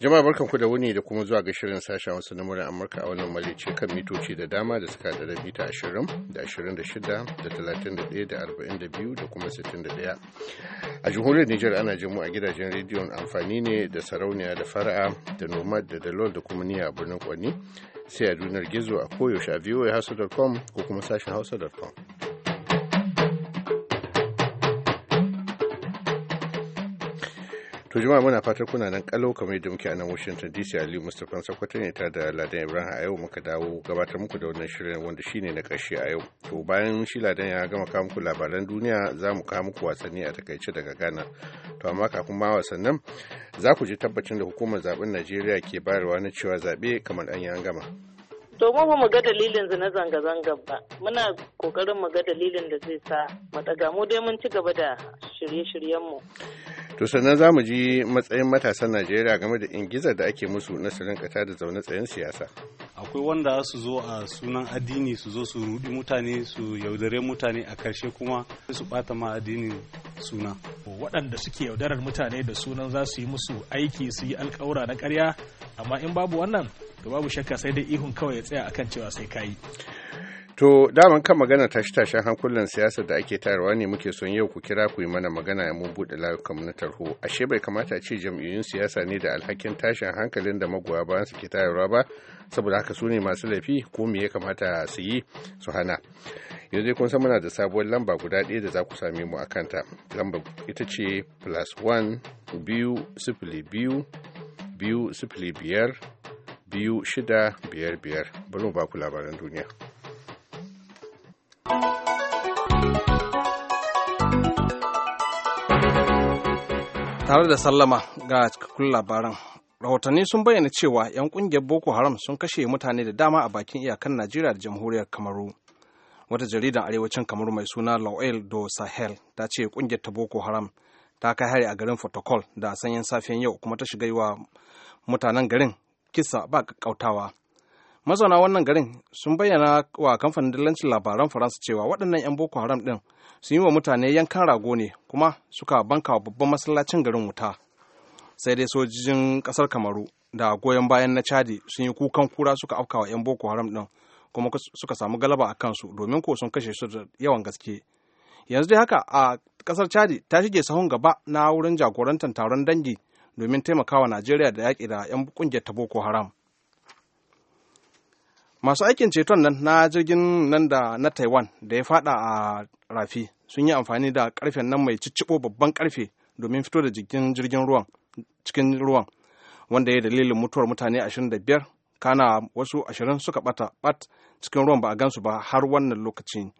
Jama'a ku da wuni da kuma zuwa ga shirin sashen wasu na murar Amurka a wannan malice kan mitoci da dama da suka da mita 20 da 26 da 31 da 42 da kuma 61. A jamhuriyar Nijar ana jin mu a gidajen rediyon amfani ne da sarauniya da fara'a da nomad da dalol da kuma niya birnin Kwanni sai a dunar gizo a koyaushe a voahouse.com ko kuma sashen hausa.com. to jima muna fatar kuna nan kalau kamar yadda muke a nan washington dc ali mustapha sakwato ne ta da ladan ibrahim a yau muka dawo gabatar muku da wannan shirin wanda shine na karshe a yau to bayan shi ladan ya gama kawo muku labaran duniya za mu kawo muku wasanni a takaice daga ghana to amma kafin ma wasannan za ku ji tabbacin da hukumar zaben najeriya ke bayarwa na cewa zaɓe kamar an yi an gama to ba mu ga dalilin na zanga-zangar ba muna kokarin mu ga dalilin da zai sa mu daga mu dai mun ci gaba da shirye-shiryenmu. To sannan za mu ji matsayin matasan Najeriya game da ingizar da ake musu na su da zaune tsayen siyasa. Akwai wanda su zo a sunan addini su zo su rudi mutane su yaudare mutane a karshe kuma su bata ma addini suna. Waɗanda suke yaudarar mutane da sunan za su yi musu aiki su yi alƙawura na karya amma in babu wannan to babu shakka sai dai ihun kawai ya tsaya akan cewa sai kayi. To daman kan magana tashi tashen hankulan siyasa da ake tayarwa ne muke son yau ku kira ku yi mana magana ya mu buɗe layukan na tarho. Ashe bai kamata ce jam'iyyun siyasa ne da alhakin tashin hankalin da magoya bayan su ke tayarwa ba saboda haka su ne masu laifi ko me ya kamata su yi su hana. Yanzu kun san muna da sabuwar lamba guda ɗaya da za ku same mu a kanta. Lamba ita ce plus one biyu sifili biyu biyu sifili biyar biyu shida biyar biyar. Bari mu ba ku labaran duniya. tare da sallama ga cikakkun labaran rahotanni sun bayyana cewa 'yan kungiyar boko haram sun kashe mutane da dama a bakin iyakan najeriya da jamhuriyar kamaru wata jaridar arewacin kamaru mai suna lawel do sahel ta ce kungiyar ta boko haram ta kai hari a garin protocol da sanyin safiyan yau kuma ta shiga wa mutanen garin kisa ba kakkautawa mazauna wannan garin sun bayyana wa kamfanin dillancin labaran faransa cewa waɗannan 'yan boko haram ɗin sun yi wa mutane yankan rago ne kuma suka banka wa babban masallacin garin wuta sai dai sojojin ƙasar kamaru da goyon bayan na chadi sun yi kukan kura suka afka wa 'yan boko haram ɗin kuma suka samu galaba a kansu domin ko sun kashe su da yawan gaske yanzu dai haka a ƙasar chadi ta shige sahun gaba na wurin jagorantar taron dangi domin taimakawa najeriya da yaƙi da 'yan ƙungiyar ta boko haram masu aikin ceton nan na jirgin nan da na taiwan da ya fada a rafi sun yi amfani da karfen nan mai ciccibo babban karfe domin fito da jikin jirgin ruwan cikin ruwan wanda ya dalilin mutuwar mutane 25 kana wasu 20 suka bata bat cikin ruwan ba a gansu ba har wannan lokacin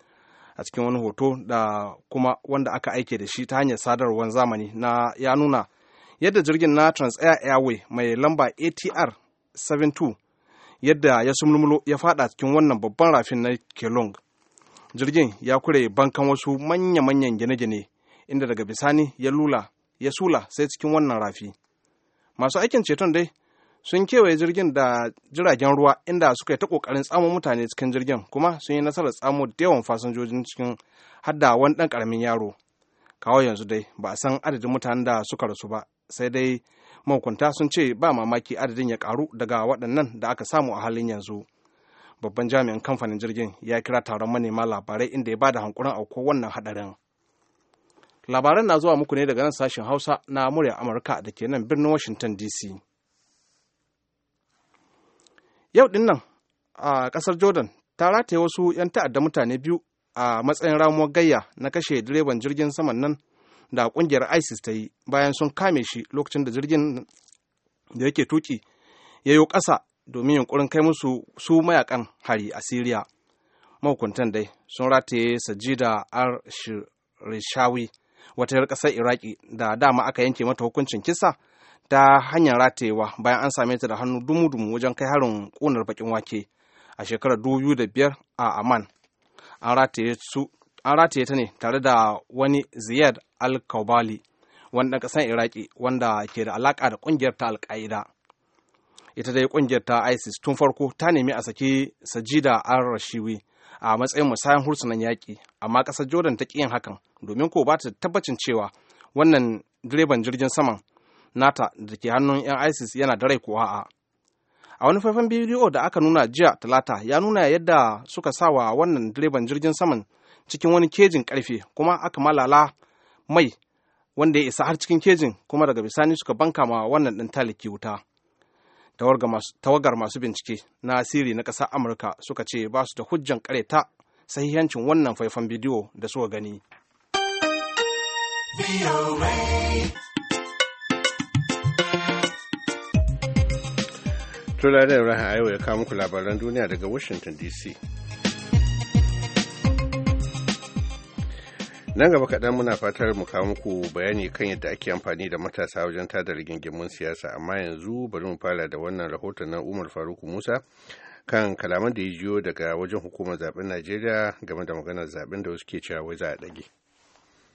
a cikin wani hoto da kuma wanda aka aike da shi ta hanyar sadarwar zamani na ya nuna yadda jirgin na transair airway mai lamba atr 72 yadda ya sumulmulo ya fada cikin wannan babban rafin na kelong jirgin ya kure bankan wasu manya-manyan gine-gine inda daga bisani ya lula ya sula sai cikin wannan rafi masu aikin ceton dai sun kewaye jirgin da jiragen ruwa inda suka yi ta kokarin tsamo mutane cikin jirgin kuma sun yi nasarar tsamo da yawan fasinjojin cikin hadda wani dan karamin yaro kawai yanzu dai ba a san adadin mutanen da suka rasu ba sai dai mahukunta sun ce ba mamaki adadin ya karu daga waɗannan da aka samu a halin yanzu babban jami'in kamfanin jirgin ya kira taron manema labarai inda ya ba da hankurin auko wannan hadarin. labaran na zuwa muku ne daga nan sashen hausa na murya amurka da ke nan birnin washington dc yau din nan a ƙasar jordan ta rataye wasu 'yan ta'adda mutane biyu a matsayin ramuwar gayya na kashe direban jirgin saman nan da kungiyar isis ta yi bayan sun kame shi lokacin da jirgin da yake tuki ya yi ƙasa domin yunkurin kai musu su mayakan hari a siriya mahukuntan dai sun rataye sajida ar rishawi wata yar ƙasar iraki da dama aka yanke mata hukuncin kisa ta hanyar ratayewa bayan an same ta da hannu dumu-dumu wajen kai harin ƙunar bakin wake a shekarar 2005 a amman an rataye su an rataye ta ne tare da wani ziyad al-kaubali wani ɗan iraki wanda ke da alaka da ƙungiyar ta al ita dai ƙungiyar ta isis tun farko ta nemi a saki sajida al-rashiwi a matsayin musayan hursunan yaƙi amma ƙasar jordan ta yin hakan domin ko ba ta tabbacin cewa wannan direban jirgin saman nata da ke hannun 'yan isis yana da rai ko a'a a wani faifan bidiyo da aka nuna jiya talata ya nuna yadda suka sawa wannan direban jirgin saman cikin wani kejin karfe kuma aka malala mai wanda ya isa har cikin kejin kuma daga bisani suka banka ma wannan ɗan taliki wuta tawagar masu bincike na asiri na ƙasar amurka suka ce ba su da hujjan ta sahihancin wannan faifan bidiyo da suka gani Tula da Ibrahim Ayo ya kawo muku labaran duniya daga Washington DC. nan gaba kaɗan muna fatar mu kawo muku bayani kan yadda ake amfani da matasa wajen tada rigingimun siyasa amma yanzu bari mu fara da wannan rahoton na umar faruku musa kan kalaman da ya jiyo daga wajen hukumar zaben najeriya game da maganar zaben da wasu ke cewa wai za a ɗage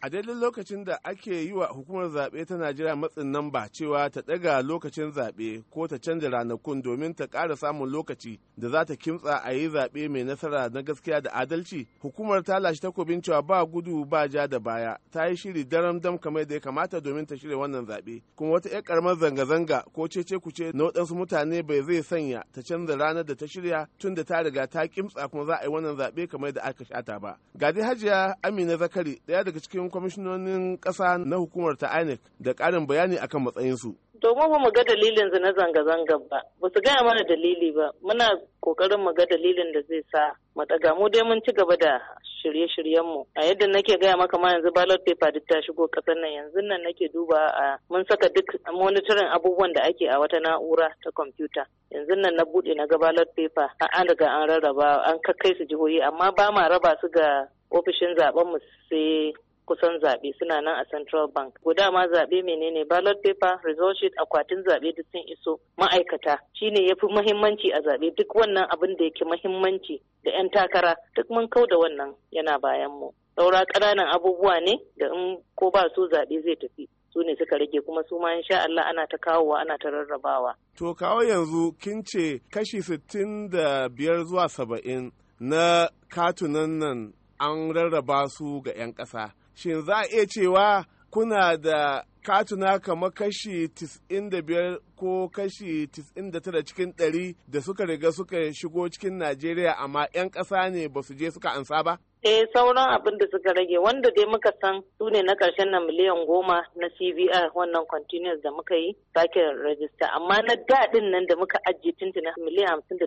a daidai lokacin da ake yi wa hukumar zaɓe ta najeriya matsin nan ba cewa ta ɗaga lokacin zaɓe ko ta canza ranakun domin ta ƙara samun lokaci da za ta kimtsa a yi zaɓe mai nasara na gaskiya da adalci hukumar ta lashe takobin cewa ba gudu ba ja da baya ta yi shiri daram dam kamar da ya kamata domin ta shirya wannan zaɓe kuma wata 'yar karamar zanga-zanga ko cece kuce na waɗansu mutane bai zai sanya ta canza ranar da ta shirya tun da ta riga ta kimtsa kuma za a yi wannan zaɓe kamar da aka shata ba Gadi hajiya amina zakari ɗaya daga cikin kwamishinonin ƙasa na hukumar ta INEC da ƙarin bayani akan matsayinsu. domin ba mu ga dalilin na zanga-zanga ba ba su gaya mana dalili ba muna kokarin mu ga dalilin da zai sa mu mu dai mun ci gaba da shirye-shiryenmu a yadda nake gaya maka ma yanzu ballot paper duk ta shigo kasar nan yanzu nan nake duba a mun saka duk monitoring abubuwan da ake a wata na'ura ta kwamfuta yanzu nan na buɗe na ga ballot paper an riga an rarraba an kakkai su jihohi amma ba ma raba su ga ofishin zaben mu sai kusan zaɓe suna nan a central bank guda ma zaɓe menene ballot paper result sheet akwatin zaɓe duk sun iso ma'aikata shine ya fi mahimmanci a zaɓe duk wannan abin da yake mahimmanci da 'yan takara duk mun kau da wannan yana bayan mu saura ƙananan abubuwa ne da in ko ba su zaɓe zai tafi su ne suka rage kuma su ma insha Allah ana ta kawowa ana ta rarrabawa. To kawo yanzu kin ce kashi sittin da biyar zuwa saba'in na katunan nan an rarraba su ga 'yan ƙasa. shin za a iya cewa kuna da katuna kamar kashi 95 ko kashi 99 cikin 100 da suka riga suka shigo cikin Najeriya amma 'yan ƙasa ne ba su je suka ansa ba? eh sauran abin da suka rage wanda dai muka san su ne na karshen na miliyan goma na CVR wannan continuous da muka yi sake rajista amma na daɗin nan da muka ajiye tuntuna miliyan hamsin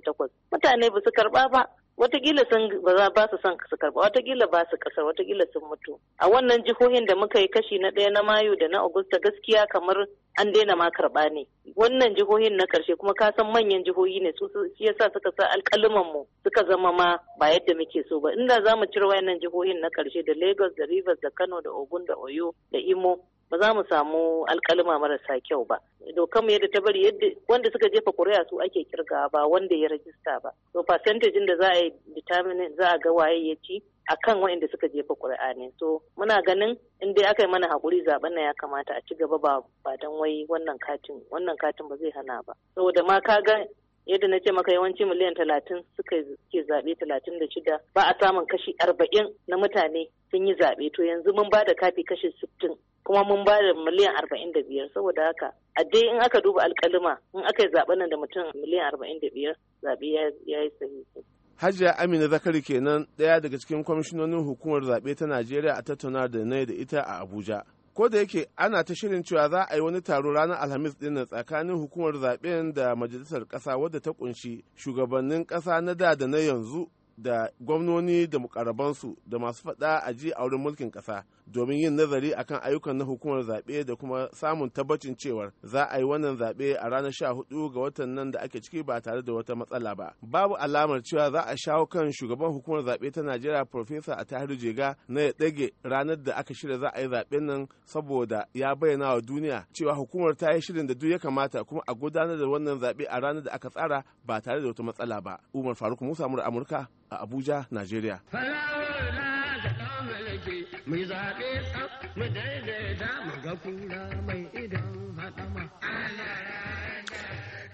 mutane ba su karɓa ba watakila sun ba su son su karba watakila ba su kasar watakila sun mutu a wannan jihohin da muka yi kashi na ɗaya na mayu da na agusta gaskiya kamar an daina ma karba ne wannan jihohin na karshe kuma ka san manyan jihohi ne su shi yasa suka sa alƙaluman suka zama ma ba yadda muke so ba inda za mu cire wannan jihohin na karshe da Lagos da Rivers da Kano da Ogun da Oyo da Imo ba za mu samu alƙaluma marasa kyau ba dokar mu yadda ta bari yadda wanda suka jefa kuri'a su ake kirga ba wanda ya rajista ba to percentage da za a yi determine za a ga waye ya ci akan waɗanda suka jefa kuri'a ne so muna ganin in dai aka yi mana hakuri zaben na ya kamata a ci gaba ba ba dan wai wannan katin wannan katin ba zai hana ba saboda ma ka ga yadda na ce maka yawanci miliyan talatin suka ke zaɓe talatin da shida ba a samun kashi arba'in na mutane sun yi zaɓe to yanzu mun ba da kafi kashi sittin kuma mun ba da miliyan arba'in da biyar saboda haka a dai in aka duba alkalima in aka yi zaɓen nan da mutum miliyan arba'in da biyar zaɓe ya yi sahihi. Hajiya Amina Zakari kenan ɗaya daga cikin kwamishinonin hukumar zaɓe ta Najeriya a tattauna da na da ita a Abuja. Ko da yake ana ta shirin cewa za a yi wani taro ranar Alhamis ɗin tsakanin hukumar zaɓen da majalisar ƙasa wadda ta ƙunshi shugabannin ƙasa na da da na yanzu da gwamnoni da mukarabansu da masu faɗa a ji a wurin mulkin ƙasa domin yin nazari akan ayyukan na hukumar zaɓe da kuma samun tabbacin cewar za a yi wannan zaɓe a ranar sha hudu ga watan nan da ake ciki ba tare da wata matsala ba babu alamar cewa za a shawo kan shugaban hukumar zaɓe ta najeriya profesa a tahiru jega na ya ɗage ranar da aka shirya za a yi zaɓen nan saboda ya bayyana wa duniya cewa hukumar ta yi shirin da duk ya kamata kuma a gudanar da wannan zaɓe a ranar da aka tsara ba tare da wata matsala ba umar faruk musa mura amurka a Abuja, Najeriya.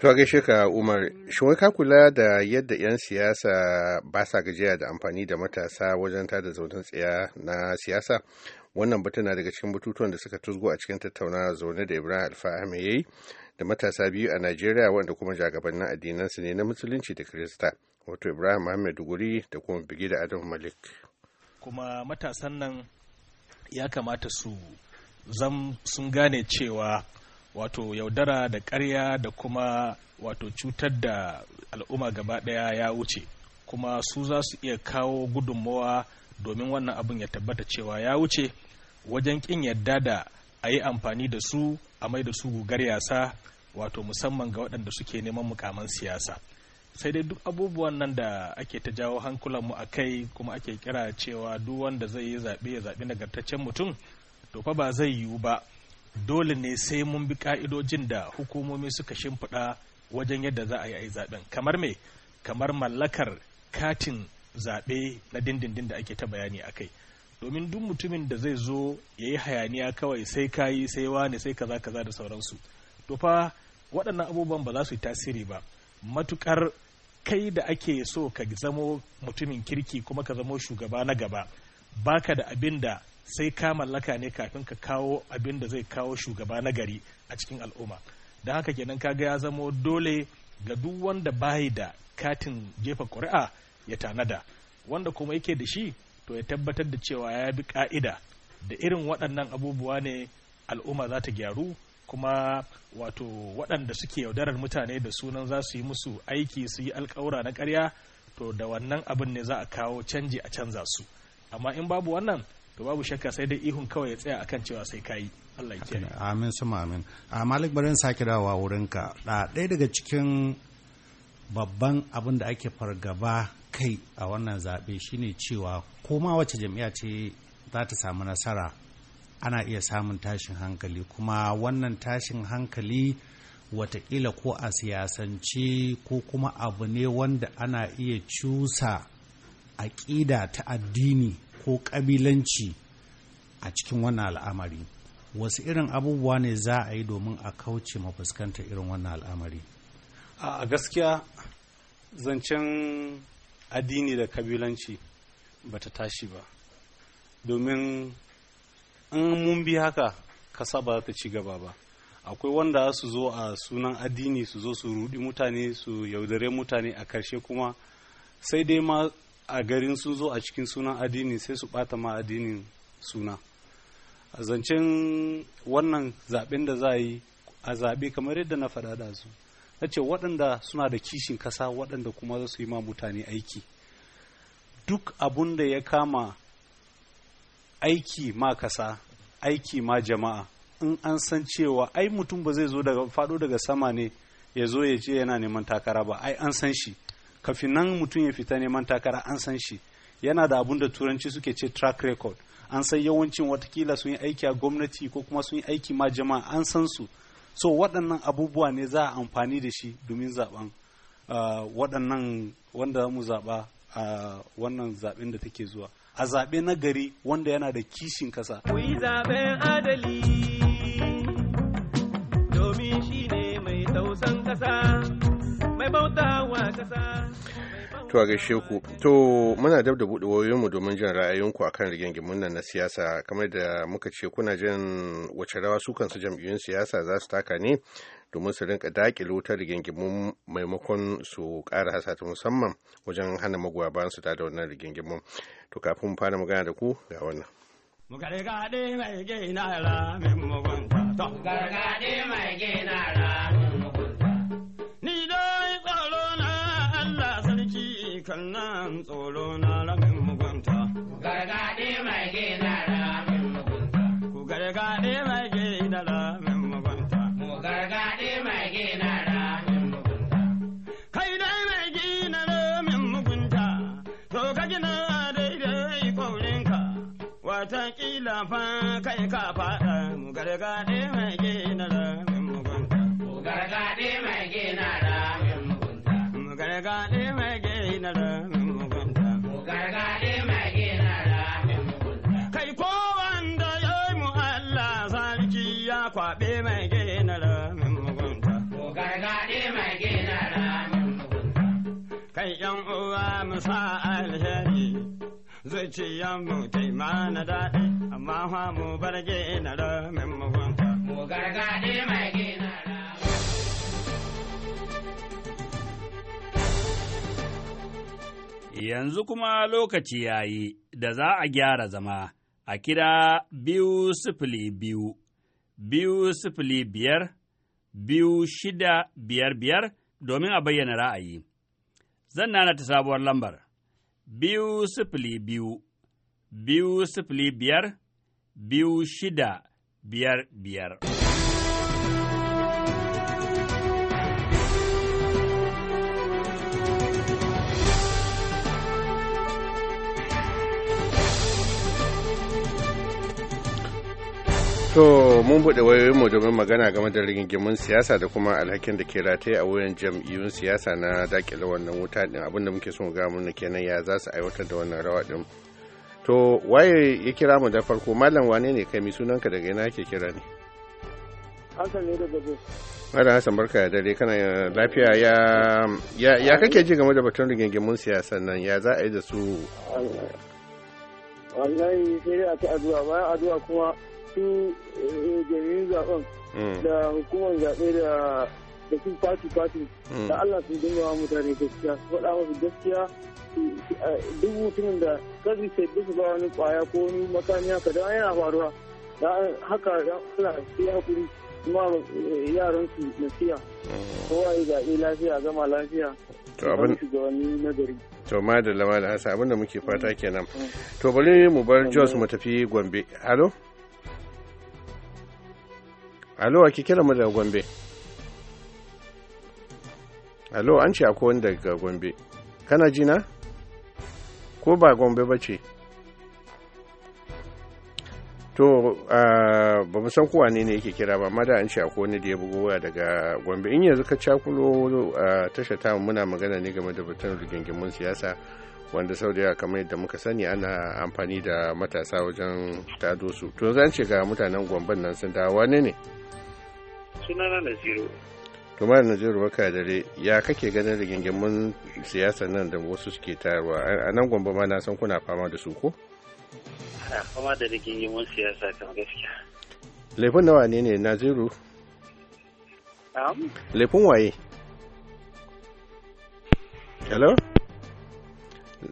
To ga gaishe ka Umar, shin ka kula da yadda 'yan siyasa ba sa gajiya da amfani da matasa wajen tada zaunin tsaya na siyasa? Wannan batu na daga cikin batutuwan da suka tuzgo a cikin tattaunawa zaune da Ibrahim Alfa ya yi da matasa biyu a Najeriya wanda kuma jagabannin addinansu ne na Musulunci da Kirista. wato ibrahim ahmed guri da kuma da adam malik kuma matasan nan ya kamata su zam sun gane cewa wato yaudara da karya da kuma wato cutar da al'umma gaba ɗaya ya wuce kuma su za su iya kawo gudunmawa domin wannan abin ya tabbata cewa ya wuce wajen ƙin yadda da a yi amfani da su a mai da su gugar yasa wato musamman ga waɗanda suke neman mukaman siyasa sai dai duk abubuwan nan da ake ta jawo hankulanmu a kai kuma ake kira cewa duk wanda zai yi zaɓe ya zaɓi nagartaccen mutum to fa ba zai yiwu ba dole ne sai mun bi ka'idojin da hukumomi suka shimfiɗa wajen yadda za a yi a yi zaɓen kamar me kamar mallakar katin zaɓe na dindindin da ake ta bayani a kai domin duk mutumin da zai zo ya yi hayaniya kawai sai kayi sai wane sai kaza kaza da sauransu to fa waɗannan abubuwan ba za su yi tasiri ba matukar kai da ake so ka zamo mutumin kirki kuma ka zamo shugaba na gaba baka da abin da sai ka mallaka ne kafin ka kawo abin da zai kawo shugaba na gari a cikin al'umma don haka kenan kaga ya zamo dole ga duk wanda bayi da katin jefa ƙuri'a ya tanada wanda kuma yake da shi to ya tabbatar da cewa ya bi ka'ida da irin waɗannan abubuwa ne al'umma za ta gyaru kuma wato waɗanda suke yaudarar mutane da sunan za su yi musu aiki su yi alkawura na ƙarya to da wannan abin ne za a kawo canji a canza su amma in babu wannan to babu shakka sai dai ihun kawai ya tsaya akan cewa sai kayi Allah ya kiyaye amin suma amin a malik barin sake dawowa wurinka ɗaya daga cikin babban abin da ake fargaba kai a wannan zaɓe shine cewa koma wace jami'a ce za ta samu nasara ana iya samun tashin hankali kuma wannan tashin hankali watakila ko a siyasance ko kuma abu ne wanda ana iya cusa aƙida ta addini ko ƙabilanci a cikin wannan al'amari wasu irin abubuwa ne za a yi domin a kauce mafuskanta irin wannan al'amari a gaskiya zancen addini da ƙabilanci ba ta tashi ba domin in mun bi haka kasa ba ta ci gaba ba akwai wanda su zo a sunan addini su zo su rudi mutane su yaudare mutane a karshe kuma sai dai ma a garin sun zo a cikin sunan addini sai su bata ma addinin suna a zancen wannan zaben da za a yi a zaɓe kamar yadda na faɗa da su na ce waɗanda suna da kishin kasa waɗanda kuma za su yi ma mutane aiki duk abun da ya kama aiki ma kasa aiki ma jama'a in an san cewa ai mutum ba zai zo daga faɗo daga sama ne ya zo ya ce yana neman takara ba ai an san shi kafin nan mutum ya fita neman takara an san shi yana da abun da turanci suke ce track record an san yawancin watakila sun yi aiki a gwamnati ko kuma sun yi aiki ma jama'a an san su so waɗannan abubuwa ne za a amfani da shi domin zaben ah, waɗannan wanda za mu zaɓa a ah, wannan zaɓen da take zuwa a zaɓe na gari wanda yana da kishin kasa. Ku zaɓen adali domin shi ne mai tausan kasa, mai bautawa kasa. To a gaishe ku, to muna dab da buɗe mu domin jin ra'ayinku a kan rigingimun nan na siyasa kamar da muka ce kuna jin wace rawa su jam'iyyun siyasa za su taka ne domin su rinka dakile wutar rigingimun maimakon su ƙara hasa musamman wajen hana magoya bayan su tada wannan rigingimun to kafin mu fara magana da ku ga wannan Gargaɗe mai gina ra mai mai gina kai yan uwa mu sa alheri zuciyar mu ta mana daɗi amma fa mu bar gina ramin mu wanka mu gargaɗe mai gina Yanzu kuma lokaci ya yi da za a gyara zama a kira biyu sifili biyu, biyu sifili biyar, biyu shida biyar biyar domin a bayyana ra'ayi. zan nana ta sabuwar lambar biyu sifili biyu, biyu sifili biyar, biyu shida biyar biyar. To mun buɗe wayoyinmu domin magana game da rigingimin siyasa da kuma alhakin da ke rataye a wuyan jam'iyyun siyasa na dakile wannan wuta din abinda muke son ga mun kenan ya za su aiwatar da wannan rawa din. To waye ya kira mu da farko malam wane ne kai mi sunanka daga ina ke kira ne? Hassan ne daga Jos. Malam Hassan barka da dare kana lafiya ya ya kake ji game da batun rigingimin siyasa nan ya za a yi da su? Wallahi sai dai a ta addu'a bayan addu'a kuma su eh, jami'in zaben mm. da hukumar zaɓe da da sun fati fati mm. da Allah sun dinga wa mutane gaskiya su faɗa musu gaskiya duk mutumin da kazi sai duk ba wani kwaya ko wani makami haka da yana faruwa da haka suna sai hakuri kuma eh, yaran su nasiya mm. kowa ya zaɓe lafiya gama lafiya to abin to ma da to da hasa abin da muke fata kenan to bari mu bar Jos mu tafi Gombe halo alo ake kira mu daga gombe alo an ce akwai wani daga gombe kana jina ko ba gombe ba ce to ba mu san kowa ne ne yake kira ba amma da an ce akwai wani da ya bugo waya daga gombe in yanzu ka cakulo tasha ta muna magana ne game da batun rigingimun siyasa wanda sau da kamar yadda muka sani ana amfani da matasa wajen tado su to zan ce ga mutanen gomben nan sun dawa wane ne sunana Naziru. Tumar Naziru baka dare ya kake ganin rigingimin siyasar nan da wasu suke tayarwa a nan gwamba ma na san kuna fama da su ko? Ana fama da rigingimin siyasa kan gaskiya. Laifin nawa ne ne Naziru? Laifin waye? Hello?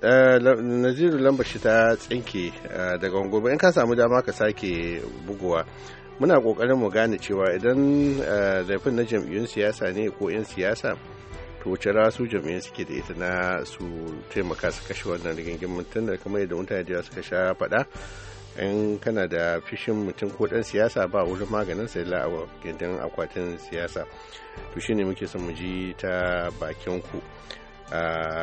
Eh, Naziru lambar shi ta tsinke eh, daga gobe in ka samu dama ka sake buguwa. muna kokarin mu gane cewa idan eh, zaifin na jam'iyyun siyasa ne ko 'yan siyasa to wace rawa su jam'iyyun suke da ita na su taimaka su kashe wannan rigingimin tun da kamar yadda mutane da suka sha faɗa in kana da fishin mutum ko dan siyasa ba wurin maganin sai la gindin akwatin siyasa to shine muke son mu ji ta bakin ku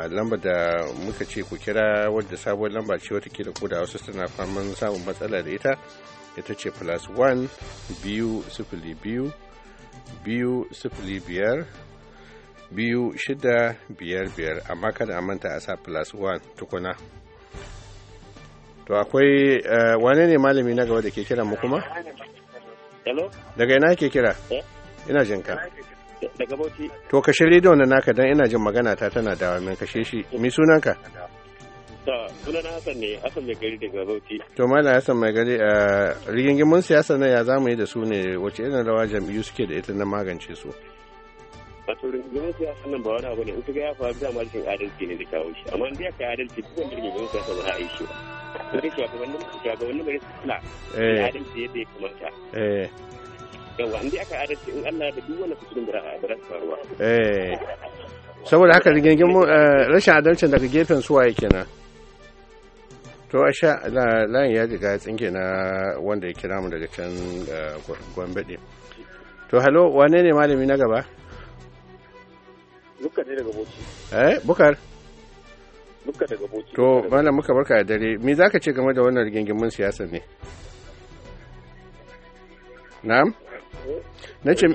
lamba da muka ce ku kira wadda sabuwar lamba ce wata ko da wasu suna faman samun matsala da ita ita ce plus 1 biyu sifili biyu biyu sifili biyar biyu shida biyar biyar amma kada a manta a sa plus 1 tukuna to akwai eh, wane ne malami na gaba da ke kira mu kuma? daga ina ke kira? Eh? ina jin ka to kashe rediyon na naka don ina jin magana ta tana dawa min kashe shi mi sunanka? suna na Hassan ne, Hassan mai gari daga Hassan mai gari a rigingimin siyasa na ya zamu yi da su ne wace irin rawa jam'iyyu suke da ita na magance su. Wato aka adalci duk wanda rigingimin eh. ya eh. eh. Saboda haka rigingimin rashin adalcin daga gefen suwaye kenan. to a sha layin ya riga tsinke na wanda ya kira mu daga can eh, gwambaɗe to halo wane ne malami na gaba buka ne daga boci eh bukar buka daga boci to malam muka barka da dare me zaka ce game da wannan rigingimin siyasa ne na'am na ce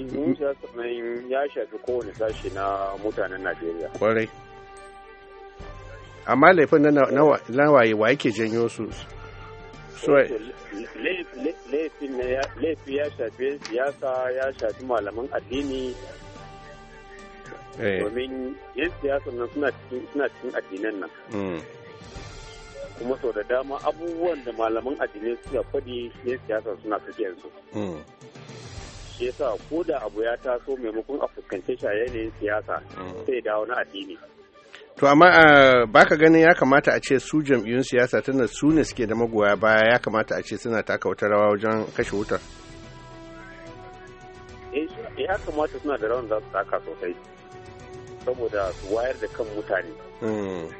ya shafi kowane sashi na mutanen najeriya kwarai amma laifin na nawaye wa yake janyo su laifi ya shafi siyasa ya shafi malaman addini eh. domin yan siyasa nan suna cikin addinan nan mm. kuma sau da dama abubuwan da malaman addinai suka faɗi yin siyasa suna suke yanzu mm. shi yasa ko da abu ya taso maimakon a fuskance shayayyar yin siyasa mm. sai dawo na addini to amma eh, baka ganin ya kamata a ce su jam'iyyun siyasa tana su ne suke da magoya baya ya kamata a ce suna taka wata rawa wajen kashe wutar eh, ya kamata suna da rawan za su taka sosai saboda su wayar da kan mutane hmm.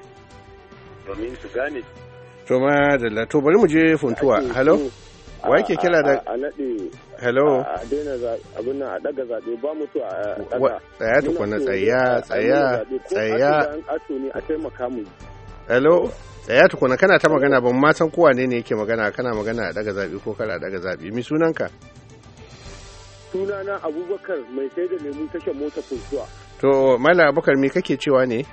domin su gane to ma da to bari mu je funtuwa halo wa yake kira da a naɗe hello a daina abin nan a daga zaɓe ba mutu a daga tsaya tukuna tsaya tsaya tsaya a taimaka mu hello tsaya tukuna kana ta magana ban ma san kowa ne ne yake magana kana magana a daga zaɓe ko kar a daga zaɓe, mi sunanka sunana abubakar mai sai da lemu tashar mota kuntuwa to mala abubakar me kake cewa ne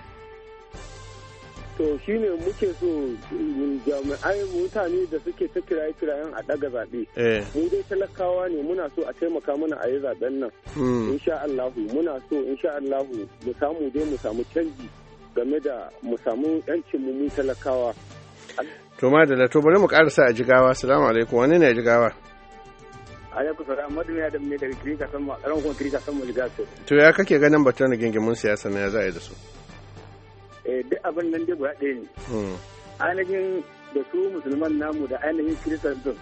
to shine muke so mm, jami'ai mutane da suke ta kiraye kirayen a daga zaɓe eh. mu dai talakawa ne muna so a taimaka mana a yi zaɓen nan hmm. insha Allahu muna so insha Allahu mu samu dai mu samu canji game da mu samu yancin mu talakawa to da to bari mu karasa a jigawa assalamu alaikum wani ne a jigawa alaikum salam madu da ne daga kirika sama ran kuma kirika sama jigawa to ya kake ganin batun da gingimin siyasa ne ya za a yi da su Eh, duk abin nan dai guda ɗaya ne hmm. ainihin da su musulman namu da ainihin din.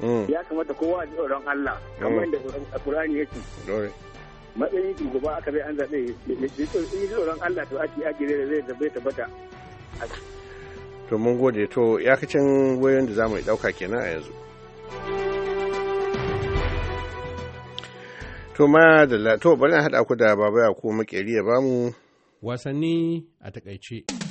Hmm. ya kamata kowa ji tsoron Allah kamar hmm. yadda ya yake matsayin shugaba aka bai an zaɓe yi tsoron Allah to ake ake zai da bai tabbata to mun gode to ya yakacin wayoyin da zamu ɗauka kenan a yanzu to ma da to bari na haɗa ku da baba ya ko makeri ya bamu Wasanni a takaice.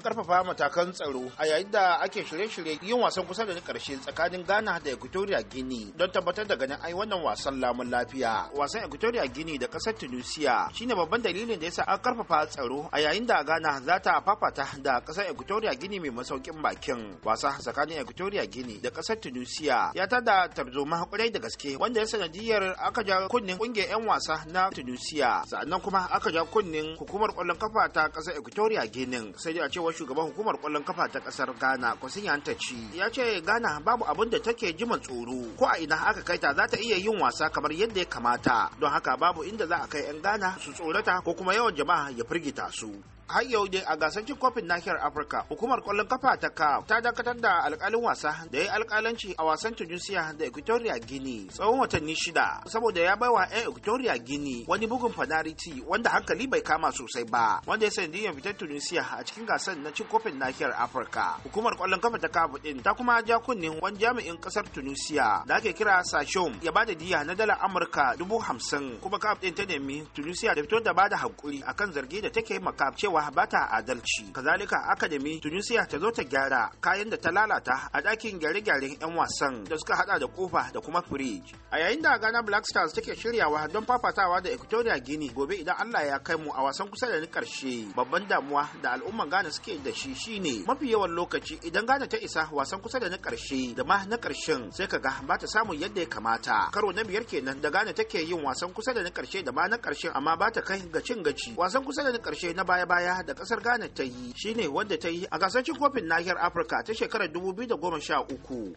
an karfafa matakan tsaro a yayin da ake shirye-shirye yin wasan kusa da karshe tsakanin Ghana da Equatorial gini don tabbatar da ganin ai wannan wasan lamun lafiya. Wasan Equatorial gini da kasar Tunisia shine babban dalilin da yasa an karfafa tsaro a yayin da Ghana za ta fafata da kasar Equatorial gini mai masaukin bakin. Wasa tsakanin Equatorial gini da kasar Tunisia ya tada tarzoma kwarai da gaske wanda ya sanadiyar aka ja kunnin kungiyar 'yan wasa na Tunisia sannan kuma aka ja kunnin hukumar kwallon kafa ta kasar Equatorial Guinea sai dai a cewa tsohon shugaban hukumar kwallon kafa ta kasar ghana kwasin ci ya ce ghana babu abin da take jima tsoro ko a ina aka kai ta za ta iya yin wasa kamar yadda ya kamata don haka babu inda za a kai 'yan ghana su tsorata ko kuma yawan jama'a ya firgita su har yau dai a gasar cin kofin nahiyar afirka hukumar kwallon kafa ta ka ta dakatar da alkalin wasa da ya yi alkalanci a wasan tunisia da equatoria gini tsawon watanni shida saboda ya baiwa 'yan equatoria gini wani bugun fanariti wanda hankali bai kama sosai ba wanda ya sanadiyar fitar tunisia a cikin gasar na cin kofin nahiyar afirka hukumar kwallon kafa ta kaf din ta kuma ja kunnin wani jami'in kasar tunisia da ake kira sashom ya bada diya na dala amurka dubu hamsin kuma ka din ta nemi tunisia da fito da bada hakuri akan zargi da take makaf cewa kowa ba ta adalci kazalika academy tunisiya ta zo ta gyara kayan da ta lalata a dakin gyare-gyaren 'yan wasan da suka hada da kofa da kuma firij a yayin da ghana black stars take shiryawa don fafatawa da equatorial gini gobe idan allah ya kai mu a wasan kusa da ni karshe babban damuwa da al'umman ghana suke da shi shine mafi yawan lokaci idan ghana ta isa wasan kusa da na karshe da ma na karshen sai kaga ba ta samun yadda ya kamata karo na biyar kenan da ghana take yin wasan kusa da na karshe da ma na karshen amma ba ta kai ga cin gaci wasan kusa da na karshe na baya-baya ɗaya da ƙasar Ghana ta yi shine wanda ta yi a gasar kofin nahiyar Afirka ta shekarar 2013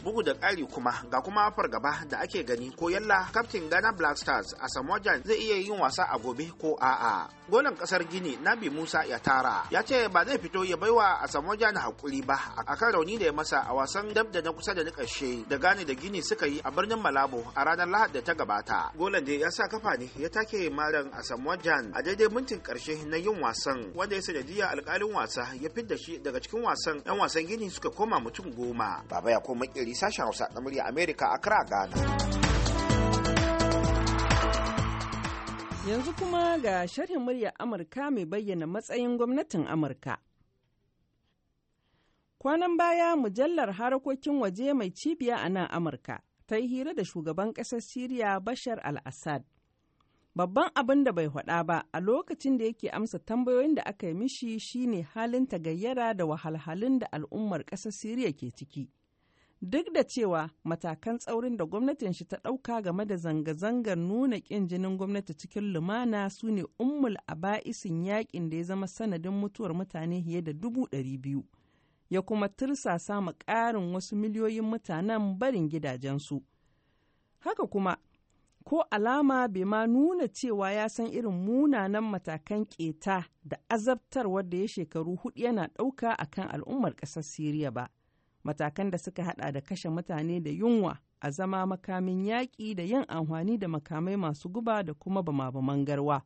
bugu da ƙari kuma ga kuma fargaba da ake gani ko yalla kaftin Ghana Black Stars a Samojan zai iya yin wasa a gobe ko a'a. Golan ƙasar Gini Nabi Musa ya tara ya ce ba zai fito ya baiwa a Samojan hakuri ba A kan rauni da ya masa a wasan dab da na kusa da na ƙarshe da Ghana da Gini suka yi a birnin Malabo a ranar Lahad da ta gabata. Golan da ya sa kafa ne ya take maran a Samojan a daidai mintin ƙarshe na yin wasan wanda wanda ya sanadiyya alkalin wasa ya da shi daga cikin wasan yan wasan gini suka koma mutum goma baba ya koma kiri sashen hausa na murya a accra ghana yanzu kuma ga sharhin murya amurka mai bayyana matsayin gwamnatin amurka kwanan baya mujallar harkokin waje mai cibiya a nan amurka ta yi hira da shugaban ƙasar siriya bashar al-assad Babban abin da bai faɗa ba a lokacin da yake amsa tambayoyin da aka yi mishi shine halin tagayyara da wahalhalun da al'ummar ƙasar Siriya ke ciki. Duk da cewa matakan tsaurin da gwamnatin shi ta ɗauka game da zanga-zangar nuna ƙin jinin gwamnati cikin lumana su ne ummul aba'isin yakin da ya zama sanadin mutuwar mutane fiye da dubu ɗari biyu. Ya kuma tursasa ma ƙarin wasu miliyoyin mutanen barin gidajensu. Haka kuma ko alama bai ma nuna cewa ya san irin munanan matakan keta da azabtarwar da ya shekaru hudu yana ɗauka a kan al'ummar ƙasar Siriya ba. Matakan da suka hada da kashe mutane da yunwa a zama makamin yaƙi da yin amfani da makamai masu guba da kuma bama garwa.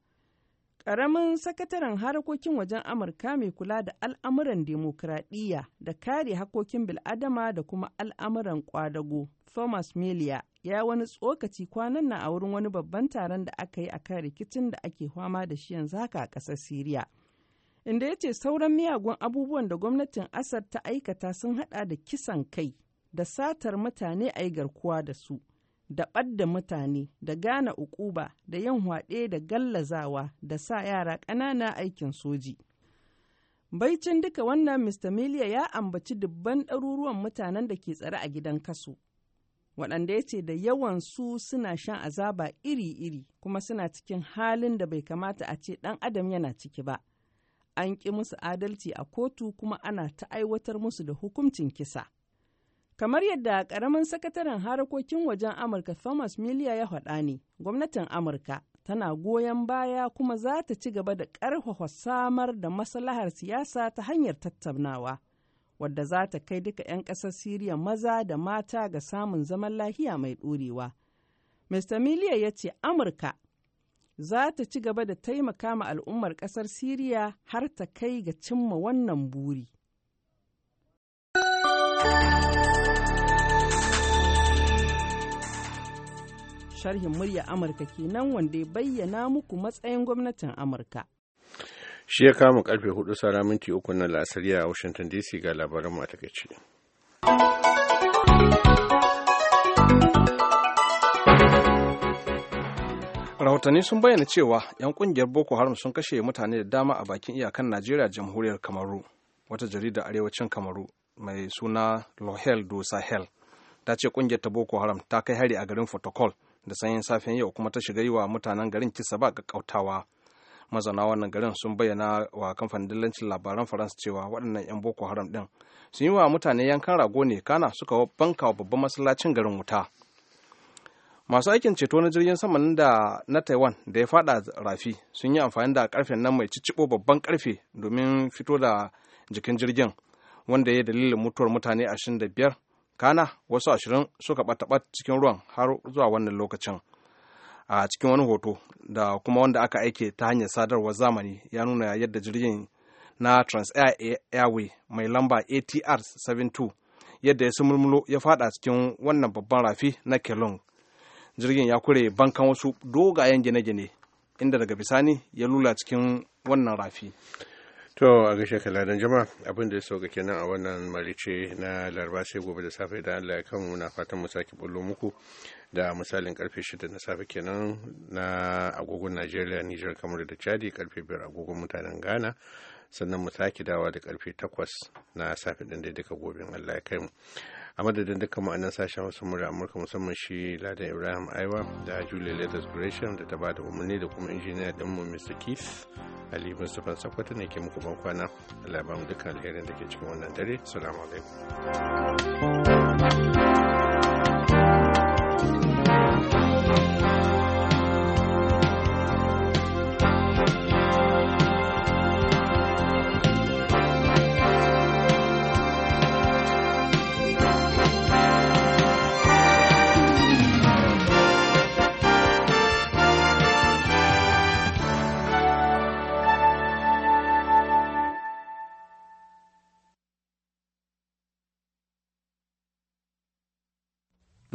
Ƙaramin sakataren harkokin wajen Amurka mai kula da al'amuran demokradiyya da kare hakokin bil'adama da kuma al'amuran ƙwadago, Thomas Melia ya wani tsokaci kwanan nan a wurin wani babban taron da aka yi a kan rikicin da ake fama da shi yanzu haka a ƙasar Siriya. Inda ya ce sauran miyagun abubuwan da gwamnatin Asad ta aikata sun haɗa da kisan kai, da satar mutane a yi garkuwa da su, da ɓadda mutane, da gane ukuba, da yin hwaɗe da gallazawa, da sa yara ƙanana aikin soji. Baicin duka wannan Mr. Milia ya ambaci dubban ɗaruruwan mutanen da ke tsare a gidan kaso, waɗanda ya ce da yawan su suna shan azaba iri-iri kuma suna cikin halin da bai kamata a ce ɗan adam yana ciki ba. An ƙi musu adalci a kotu kuma ana ta aiwatar musu da hukuncin kisa. Kamar yadda ƙaramin sakataren harkokin wajen Amurka Thomas Miliya ya faɗa ne, gwamnatin Amurka tana goyon baya kuma za ta ci gaba da ƙarfafa samar da maslahar siyasa ta hanyar tattaunawa. wadda za ta kai duka 'yan ƙasar Siriya maza da mata ga samun zaman lahiya mai ɗorewa. Mr. Miliya ya ce Amurka za ta ci gaba da taimaka ma al'ummar ƙasar Siriya har ta kai ga cimma wannan buri. Sharhin murya Amurka kenan wanda ya bayyana muku matsayin gwamnatin Amurka. shi ya kama karfe hudu sara minti uku na la'asari a washington dc ga labaran mu a rahotanni sun bayyana cewa 'yan kungiyar boko haram sun kashe mutane da dama a bakin iyakan najeriya jamhuriyar kamaru wata jarida arewacin kamaru mai suna lohel do sahel ta ce kungiyar ta boko haram ta kai hari a garin fotokol da sanyin safiyan yau kuma ta shiga yi wa mutanen garin kisa ba kakkautawa mazana wannan garin sun bayyana wa kamfanin dillancin labaran faransa cewa waɗannan 'yan boko haram ɗin sun yi wa mutane yankan rago ne kana suka banka wa babban masallacin garin wuta masu aikin ceto na jirgin saman da na taiwan da ya fada rafi sun yi amfani da karfen nan mai cicibo babban karfe domin fito da jikin jirgin wanda ya dalilin mutuwar mutane ashirin da biyar kana wasu ashirin suka ɓata cikin ruwan har zuwa wannan lokacin a cikin wani hoto da kuma wanda aka aike ta hanyar sadarwar zamani ya nuna yadda jirgin na transair airway mai lamba atr 72 yadda ya sumulmulo ya fada cikin wannan babban rafi na kelong jirgin ya kure bankan wasu dogayen gine-gine inda daga bisani ya lula cikin wannan rafi To a gaishe kaladan jama'a abin da ya sauka kenan a wannan marice na laraba sai gobe da safe da Allah ya kan muna fatan mu sake bullo muku da misalin karfe 6 na safe kenan na agogon Najeriya Nijar kamar da Chadi karfe 5 agogon mutanen Ghana sannan mu sake dawa da karfe 8 na safe din da duka gobe Allah ya kai mu. a madadin dukkan ma'anar sashen wasu murya amurka musamman shi ladan ibrahim aiwa da julia leathers gresham da ta ba da umarni da kuma injiniya dinmu mr keith ali mustapha sakwata ne ke muku bankwana labarin dukkan alherin da ke cikin wannan dare salamu alaikum